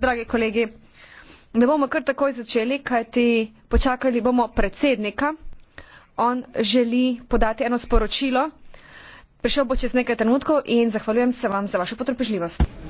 dragi kolegi ne bomo kar takoj začeli kajti počakali bomo predsednika on želi podati eno sporočilo prišel bo čez nekaj trenutkov in zahvaljujem se vam za vašo potrpežljivost.